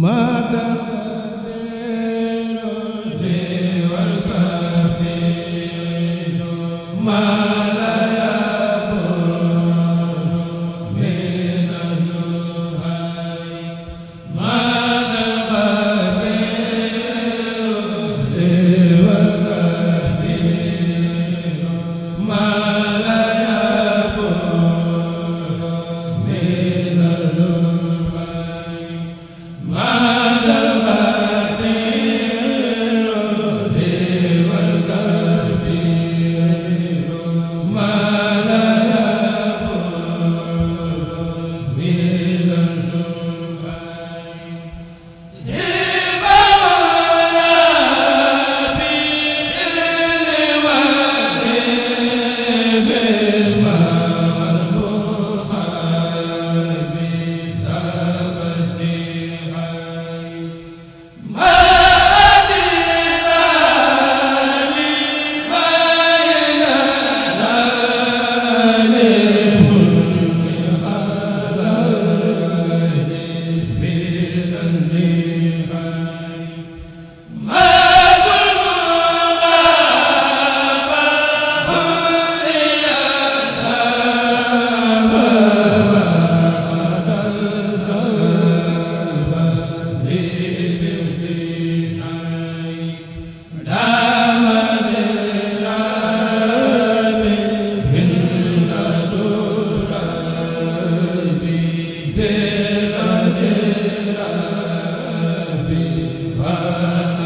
ma ba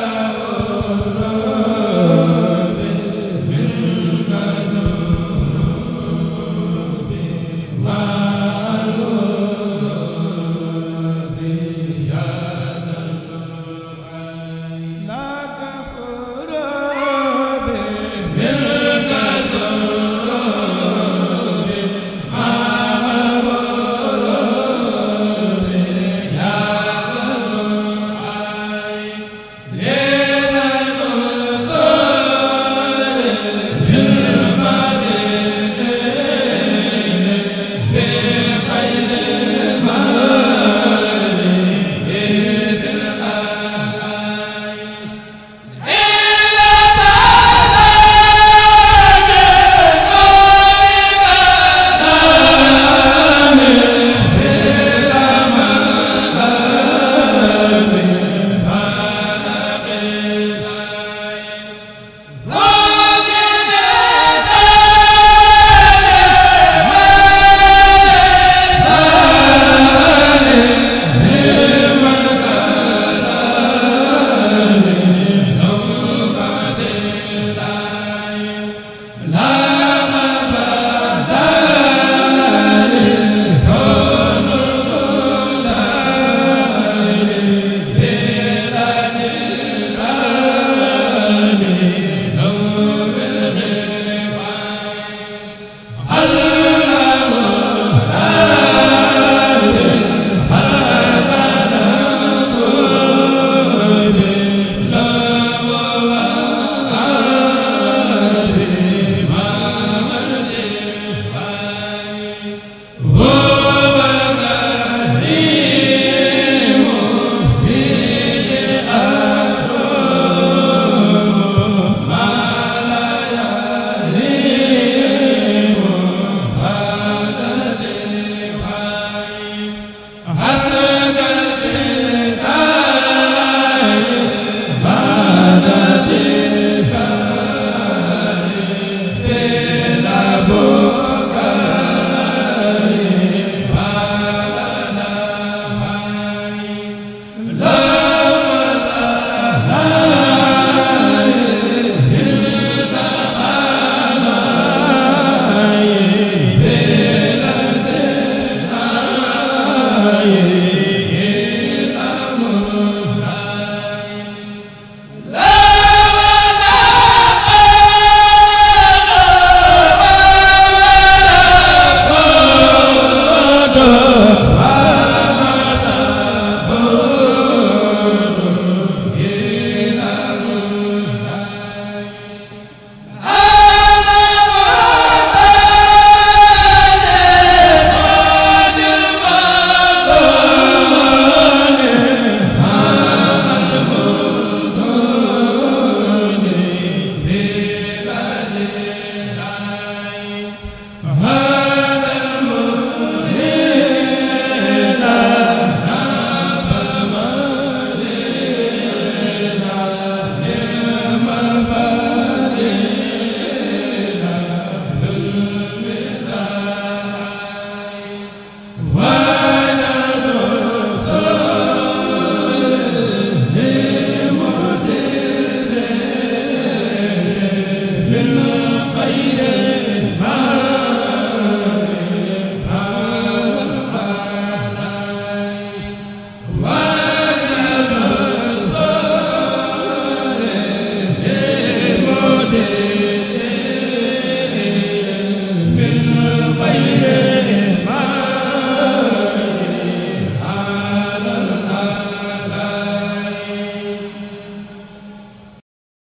la